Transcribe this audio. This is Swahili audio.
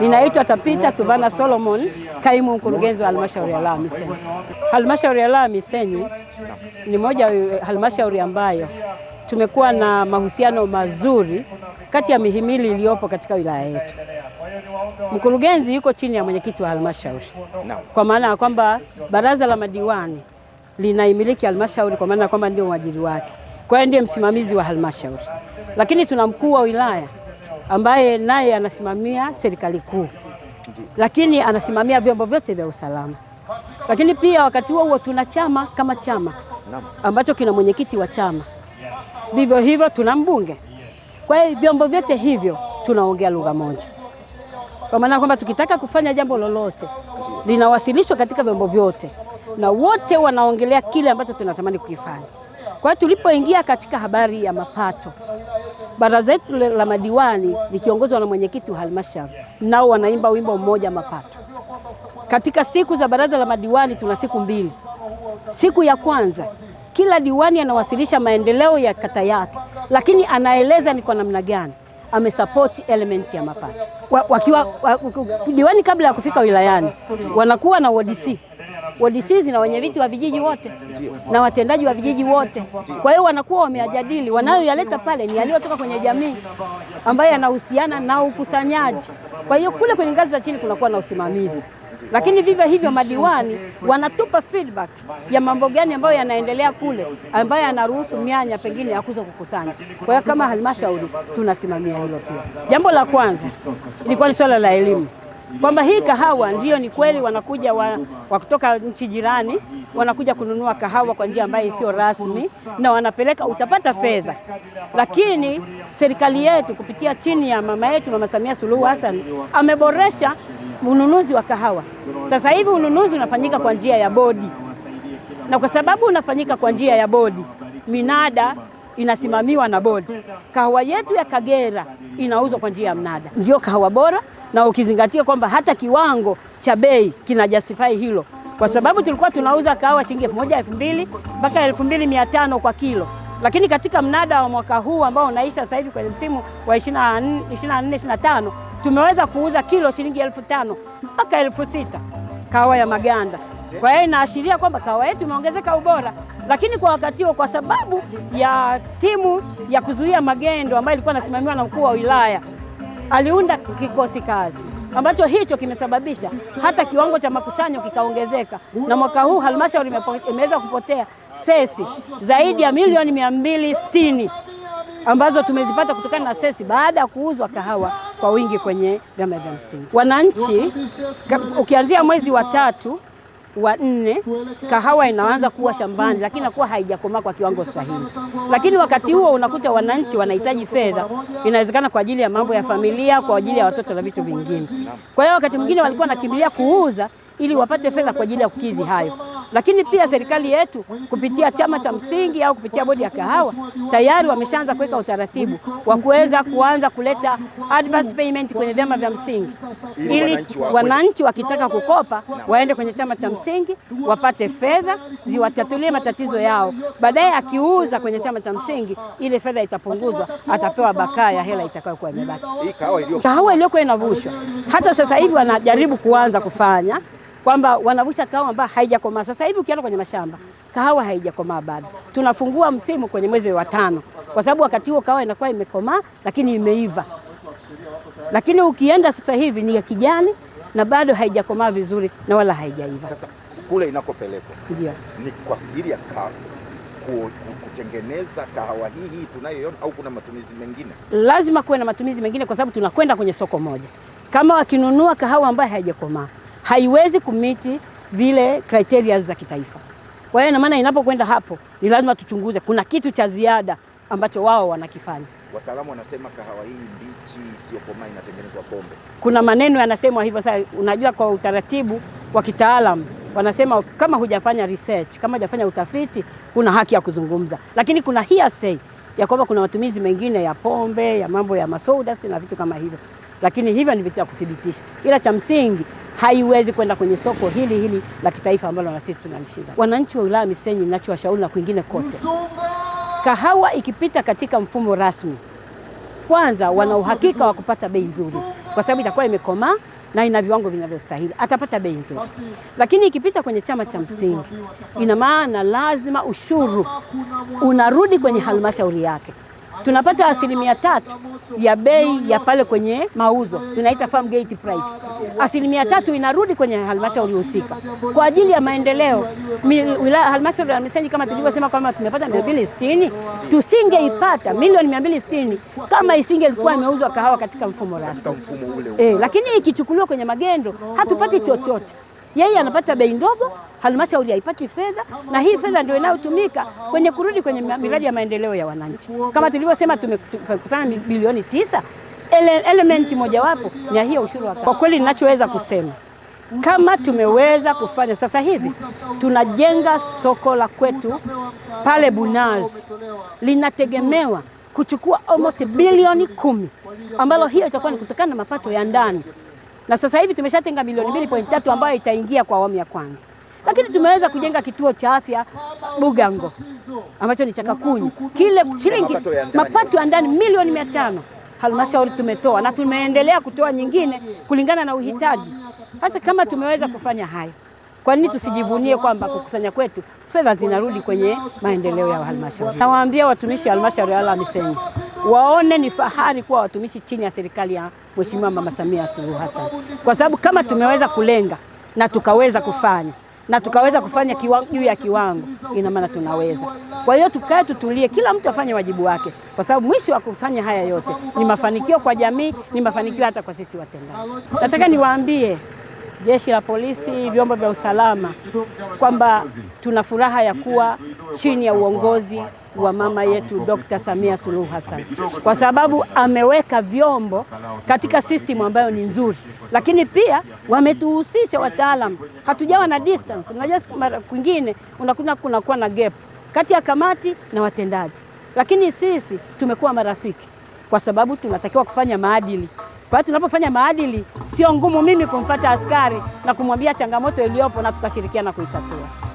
Ninaitwa Tapita Tuvana Solomon, kaimu mkurugenzi wa halmashauri ya Ilala Misenyi. Halmashauri ya Ilala Misenyi ni moja ya halmashauri ambayo tumekuwa na mahusiano mazuri kati ya mihimili iliyopo katika wilaya yetu. Mkurugenzi yuko chini ya mwenyekiti wa halmashauri, kwa maana ya kwamba baraza la madiwani linaimiliki halmashauri, kwa maana ya kwamba ndio mwajiri wake, kwa hiyo ndiye msimamizi wa halmashauri, lakini tuna mkuu wa wilaya ambaye naye anasimamia serikali kuu, lakini anasimamia vyombo vyote vya usalama. Lakini pia wakati huo huo tuna chama kama chama ambacho kina mwenyekiti wa chama, vivyo hivyo tuna mbunge. Kwa hiyo vyombo vyote hivyo tunaongea lugha moja, kwa maana kwamba tukitaka kufanya jambo lolote linawasilishwa katika vyombo vyote na wote wanaongelea kile ambacho tunatamani kukifanya. Kwa hiyo tulipoingia katika habari ya mapato, baraza letu la madiwani likiongozwa na mwenyekiti wa halmashauri, nao wanaimba wimbo mmoja mapato. Katika siku za baraza la madiwani tuna siku mbili. Siku ya kwanza kila diwani anawasilisha maendeleo ya kata yake, lakini anaeleza ni kwa namna gani amesapoti element ya mapato. Wakiwa wa, wa, diwani kabla ya kufika wilayani wanakuwa na WDC wadisizi na wenyeviti wa vijiji wote na watendaji wa vijiji wote. Kwa hiyo wanakuwa wameyajadili, wanayoyaleta pale ni yaliyotoka kwenye jamii ambayo yanahusiana na ukusanyaji. Kwa hiyo kule kwenye ngazi za chini kunakuwa na usimamizi lakini vivyo hivyo madiwani wanatupa feedback ya mambo gani ambayo yanaendelea kule ambayo yanaruhusu mianya pengine ya kuzo kukusanya. Kwa hiyo kama halmashauri tunasimamia hilo pia. Jambo la kwanza ilikuwa ni swala la elimu kwamba hii kahawa ndiyo ni kweli, wanakuja wa, wa kutoka nchi jirani wanakuja kununua kahawa kwa njia ambayo isiyo rasmi na wanapeleka, utapata fedha. Lakini serikali yetu kupitia chini ya mama yetu Mama Samia Suluhu Hassan ameboresha ununuzi wa kahawa. Sasa hivi ununuzi unafanyika kwa njia ya bodi, na kwa sababu unafanyika kwa njia ya bodi, minada inasimamiwa na bodi. Kahawa yetu ya Kagera inauzwa kwa njia ya mnada, ndiyo kahawa bora na ukizingatia kwamba hata kiwango cha bei kina justify hilo, kwa sababu tulikuwa tunauza kahawa shilingi elfu moja elfu mbili mpaka elfu mbili mia tano kwa kilo, lakini katika mnada wa mwaka huu ambao unaisha sasa hivi kwenye msimu wa 24 25 tumeweza kuuza kilo shilingi elfu tano mpaka elfu sita kahawa ya maganda. Kwa hiyo inaashiria kwamba kahawa yetu imeongezeka ubora, lakini kwa wakati huo, kwa sababu ya timu ya kuzuia magendo ambayo ilikuwa inasimamiwa na mkuu wa wilaya aliunda kikosi kazi ambacho hicho kimesababisha hata kiwango cha makusanyo kikaongezeka, na mwaka huu halmashauri imeweza kupotea sesi zaidi ya milioni mia mbili sitini ambazo tumezipata kutokana na sesi baada ya kuuzwa kahawa kwa wingi kwenye vyama vya msingi. Wananchi ukianzia mwezi wa tatu wa nne kahawa inaanza kuwa shambani, lakini inakuwa haijakomaa kwa kiwango sahihi. Lakini wakati huo unakuta wananchi wanahitaji fedha, inawezekana kwa ajili ya mambo ya familia, kwa ajili ya watoto na vitu vingine. Kwa hiyo wakati mwingine walikuwa wanakimbilia kuuza ili wapate fedha kwa ajili ya kukidhi hayo. Lakini pia serikali yetu kupitia chama cha msingi au kupitia bodi ya kahawa tayari wameshaanza kuweka utaratibu wa kuweza kuanza kuleta advance payment kwenye vyama vya msingi, ili wananchi wakitaka kukopa waende kwenye chama cha msingi wapate fedha ziwatatulie matatizo yao. Baadaye akiuza kwenye chama cha msingi, ile fedha itapunguzwa, atapewa bakaa ya hela itakayokuwa imebaki. Kahawa iliyokuwa inavushwa hata sasa hivi wanajaribu kuanza kufanya kwamba wanavuta kahawa ambayo haijakomaa. Sasa hivi ukienda kwenye mashamba kahawa haijakomaa bado, tunafungua msimu kwenye mwezi wa tano, kwa sababu wakati huo kahawa inakuwa imekomaa lakini imeiva. Lakini ukienda sasa hivi ni ya kijani na bado haijakomaa vizuri na wala haijaiva. Sasa kule inakopelekwa ndio ni kwa ajili ya kahawa kutengeneza kahawa hii hii tunayoiona, au kuna matumizi mengine? Lazima kuwe na matumizi mengine, kwa sababu tunakwenda kwenye soko moja. Kama wakinunua kahawa ambayo haijakomaa haiwezi kumiti vile criteria za kitaifa. Kwa hiyo na maana inapokwenda hapo ni lazima tuchunguze, kuna kitu cha ziada ambacho wao wanakifanya. Wataalamu wanasema kahawa hii mbichi isiyokomaa inatengenezwa pombe. Kuna maneno yanasemwa hivyo. Sasa unajua, kwa utaratibu wa kitaalamu wanasema kama hujafanya research, kama hujafanya utafiti, kuna haki ya kuzungumza, lakini kuna hearsay ya kwamba kuna matumizi mengine ya pombe, ya mambo ya masoda na vitu kama hivyo, lakini hivyo ni vitu vya kuthibitisha, ila cha msingi haiwezi kwenda kwenye soko hili hili la kitaifa ambalo na sisi tunalishinda. Wananchi wa wilaya Misenyi, ninachowashauri na kwingine kote, kahawa ikipita katika mfumo rasmi, kwanza wana uhakika wa kupata bei nzuri, kwa sababu itakuwa imekomaa na ina viwango vinavyostahili, atapata bei nzuri. Lakini ikipita kwenye chama cha msingi, ina maana lazima ushuru unarudi kwenye halmashauri yake tunapata asilimia tatu ya bei ya pale kwenye mauzo, tunaita farm gate price. Asilimia tatu inarudi kwenye halmashauri husika kwa ajili ya maendeleo. Halmashauri ya Misenyi kama tulivyosema kwamba tumepata 260 tusingeipata milioni mia mbili kama isinge isingelikuwa imeuzwa kahawa katika mfumo rasmi e, lakini ikichukuliwa kwenye magendo hatupati chochote yeye anapata bei ndogo, halmashauri haipati fedha, na hii fedha ndio inayotumika kwenye kurudi kwenye miradi ya maendeleo ya wananchi. Kama tulivyosema, tumekusanya bilioni tisa, elementi mojawapo ni ya hiyo ushuru wa kwa kweli, ninachoweza kusema kama tumeweza kufanya sasa hivi, tunajenga soko la kwetu pale Bunazi, linategemewa kuchukua almost bilioni kumi, ambalo hiyo itakuwa ni kutokana na mapato ya ndani na sasa hivi tumeshatenga milioni 2.3 ambayo itaingia kwa awamu ya kwanza, lakini tumeweza kujenga kituo cha afya Bugango ambacho ni cha kakunyi kile shilingi mapato ya ndani milioni mia tano halmashauri tumetoa na tumeendelea kutoa nyingine kulingana na uhitaji. Sasa kama tumeweza kufanya hayo, kwa nini tusijivunie kwamba kukusanya kwetu fedha zinarudi kwenye maendeleo ya halmashauri? Nawaambia watumishi wa halmashauri ya Lamiseni waone ni fahari kuwa watumishi chini ya serikali ya Mheshimiwa Mama Samia Suluhu Hassan, kwa sababu kama tumeweza kulenga na tukaweza kufanya na tukaweza kufanya juu ya kiwango, ina maana tunaweza. Kwa hiyo tukae, tutulie, kila mtu afanye wajibu wake, kwa sababu mwisho wa kufanya haya yote ni mafanikio kwa jamii, ni mafanikio hata kwa sisi watendaji. Nataka niwaambie jeshi la polisi, vyombo vya usalama kwamba tuna furaha ya kuwa chini ya uongozi wa mama yetu Dr. Samia Suluhu Hassan, kwa sababu ameweka vyombo katika system ambayo ni nzuri, lakini pia wametuhusisha wataalamu, hatujawa na distance. Unajua mara kwingine unakuta kunakuwa na gap kati ya kamati na watendaji, lakini sisi tumekuwa marafiki kwa sababu tunatakiwa kufanya maadili. Kwa hiyo tunapofanya maadili, sio ngumu mimi kumfata askari na kumwambia changamoto iliyopo na tukashirikiana kuitatua.